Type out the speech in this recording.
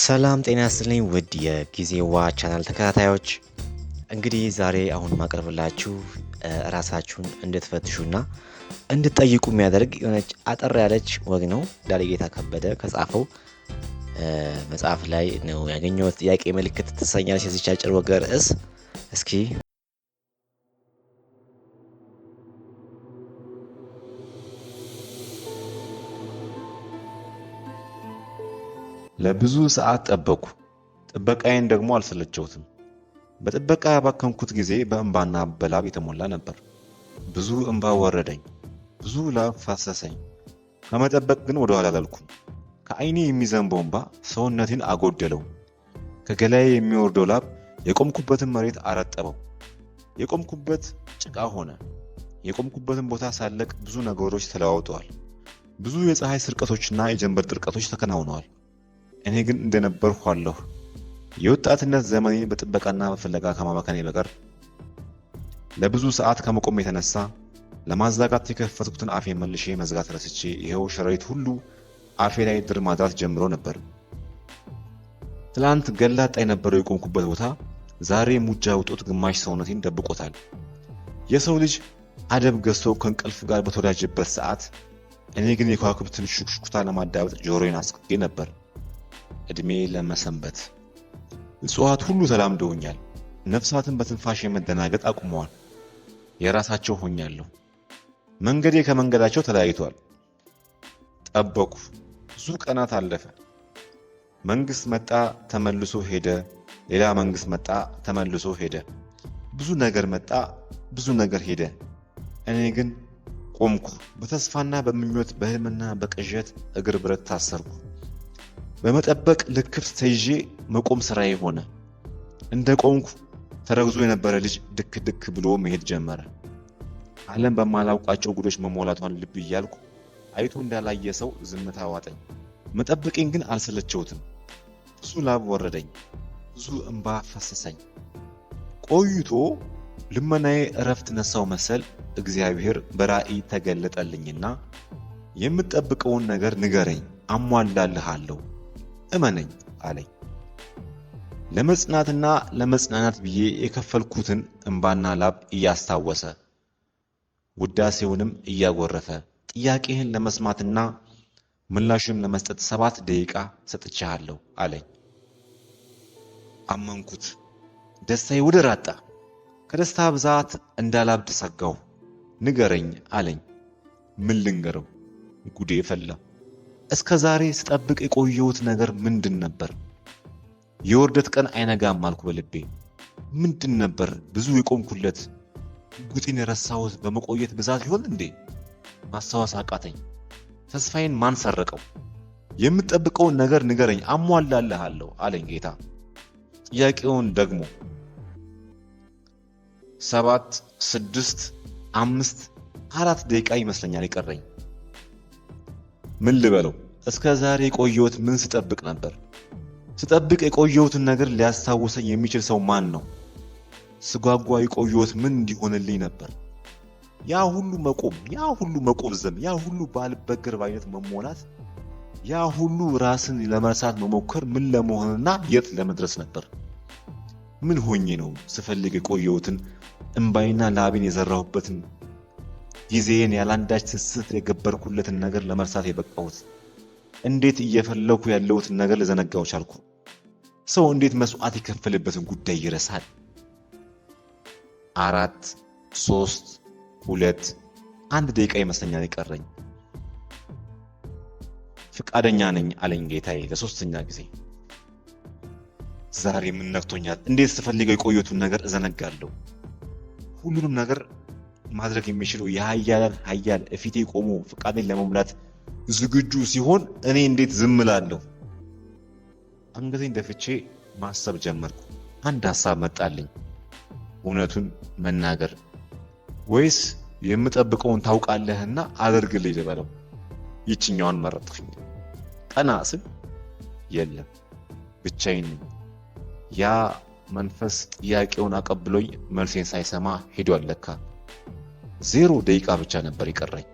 ሰላም ጤና ይስጥልኝ ውድ የጊዜዋ ቻናል ተከታታዮች፣ እንግዲህ ዛሬ አሁን ማቅረብላችሁ ራሳችሁን እንድትፈትሹና እንድትጠይቁ የሚያደርግ የሆነች አጠር ያለች ወግ ነው። ዳሌጌታ ከበደ ከጻፈው መጽሐፍ ላይ ነው ያገኘሁት። ጥያቄ ምልክት ትሰኛለች የዚች አጭር ወግ ርዕስ። እስኪ ለብዙ ሰዓት ጠበቁ። ጥበቃዬን ደግሞ አልሰለቸውትም። በጥበቃ ያባከንኩት ጊዜ በእንባና በላብ የተሞላ ነበር። ብዙ እንባ ወረደኝ፣ ብዙ ላብ ፋሰሰኝ። ከመጠበቅ ግን ወደኋላ አላልኩም። ከዓይኔ የሚዘንበው እንባ ሰውነቴን አጎደለው። ከገላዬ የሚወርደው ላብ የቆምኩበትን መሬት አረጠበው። የቆምኩበት ጭቃ ሆነ። የቆምኩበትን ቦታ ሳለቅ ብዙ ነገሮች ተለዋውጠዋል። ብዙ የፀሐይ ስርቀቶችና የጀንበር ጥርቀቶች ተከናውነዋል። እኔ ግን እንደነበርኩ አለሁ። የወጣትነት ዘመኔን በጥበቃና በፍለጋ ከማባከኔ በቀር ለብዙ ሰዓት ከመቆም የተነሳ ለማዛጋት የከፈትኩትን አፌ መልሼ መዝጋት ረስቼ ይኸው ሸረሪት ሁሉ አፌ ላይ ድር ማድራት ጀምሮ ነበር። ትላንት ገላጣ የነበረው የቆምኩበት ቦታ ዛሬ ሙጃ ውጦት ግማሽ ሰውነቴን ደብቆታል። የሰው ልጅ አደብ ገዝቶ ከእንቅልፍ ጋር በተወዳጀበት ሰዓት እኔ ግን የከዋክብትን ሹክሹክታ ለማዳበጥ ጆሮዬን አስቅጌ ነበር። ዕድሜ ለመሰንበት እጽዋት ሁሉ ተላምደውኛል። ነፍሳትን በትንፋሽ የመደናገጥ አቁመዋል። የራሳቸው ሆኛለሁ። መንገዴ ከመንገዳቸው ተለያይቷል። ጠበቁ። ብዙ ቀናት አለፈ። መንግስት መጣ፣ ተመልሶ ሄደ። ሌላ መንግስት መጣ፣ ተመልሶ ሄደ። ብዙ ነገር መጣ፣ ብዙ ነገር ሄደ። እኔ ግን ቆምኩ። በተስፋና በምኞት በህልምና በቅዠት እግር ብረት ታሰርኩ። በመጠበቅ ልክፍት ተይዤ መቆም ስራዬ ሆነ። እንደ ቆምኩ ተረግዞ የነበረ ልጅ ድክ ድክ ብሎ መሄድ ጀመረ። ዓለም በማላውቃቸው ጉዶች መሞላቷን ልብ እያልኩ አይቶ እንዳላየ ሰው ዝምታ ዋጠኝ። መጠበቄን ግን አልሰለቸውትም። ብዙ ላብ ወረደኝ፣ ብዙ እንባ ፈሰሰኝ። ቆይቶ ልመናዬ እረፍት ነሳው መሰል እግዚአብሔር በራእይ ተገለጠልኝና የምጠብቀውን ነገር ንገረኝ፣ አሟላልሃለሁ እመነኝ አለኝ። ለመጽናትና ለመጽናናት ብዬ የከፈልኩትን እምባና ላብ እያስታወሰ ውዳሴውንም እያጎረፈ ጥያቄህን ለመስማትና ምላሹን ለመስጠት ሰባት ደቂቃ ሰጥቼሃለሁ አለኝ። አመንኩት። ደስታዬ ወደር አጣ። ከደስታ ብዛት እንዳላብድ ሰጋሁ። ንገረኝ አለኝ። ምን ልንገረው? ጉዴ ፈላ። እስከ ዛሬ ስጠብቅ የቆየሁት ነገር ምንድን ነበር? የውርደት ቀን አይነጋም አልኩ በልቤ። ምንድን ነበር ብዙ የቆምኩለት? ጉጤን የረሳሁት በመቆየት ብዛት ይሆን እንዴ? ማስታወስ አቃተኝ። ተስፋዬን ማን ሰረቀው? የምጠብቀውን ነገር ንገረኝ፣ አሟላልሃለሁ አለኝ ጌታ። ጥያቄውን ደግሞ ሰባት ስድስት አምስት አራት ደቂቃ ይመስለኛል የቀረኝ ምን ልበለው? እስከ ዛሬ የቆየሁት ምን ስጠብቅ ነበር? ስጠብቅ የቆየሁትን ነገር ሊያስታውሰኝ የሚችል ሰው ማን ነው? ስጓጓ የቆየሁት ምን እንዲሆንልኝ ነበር? ያ ሁሉ መቆም፣ ያ ሁሉ መቆዘም፣ ያ ሁሉ ባልበገር ባይነት መሞላት፣ ያ ሁሉ ራስን ለመርሳት መሞከር ምን ለመሆንና የት ለመድረስ ነበር? ምን ሆኜ ነው ስፈልግ የቆየሁትን እምባይና ላቤን የዘራሁበትን ጊዜን ያላንዳች ስስት የገበርኩለትን ነገር ለመርሳት የበቃሁት? እንዴት እየፈለኩ ያለሁትን ነገር ልዘነጋው ቻልኩ? ሰው እንዴት መስዋዕት የከፈለበትን ጉዳይ ይረሳል? አራት ሶስት ሁለት አንድ ደቂቃ ይመስለኛል የቀረኝ። ፍቃደኛ ነኝ አለኝ ጌታዬ ለሶስተኛ ጊዜ። ዛሬ ምን ነክቶኛል? እንዴት ስፈልገው የቆየቱን ነገር እዘነጋለሁ? ሁሉንም ነገር ማድረግ የሚችለው የሀያል ሀያል እፊቴ ቆሞ ፍቃደኝ ለመሙላት ዝግጁ ሲሆን እኔ እንዴት ዝም እላለሁ? አንገቴን ደፍቼ ማሰብ ጀመርኩ። አንድ ሀሳብ መጣልኝ። እውነቱን መናገር ወይስ የምጠብቀውን ታውቃለህና አደርግልኝ ልበለው? ይችኛዋን መረጥኩኝ። ቀና ስል የለም ብቻዬን። ያ መንፈስ ጥያቄውን አቀብሎኝ መልሴን ሳይሰማ ሄዷል። ለካ ዜሮ ደቂቃ ብቻ ነበር የቀረኝ።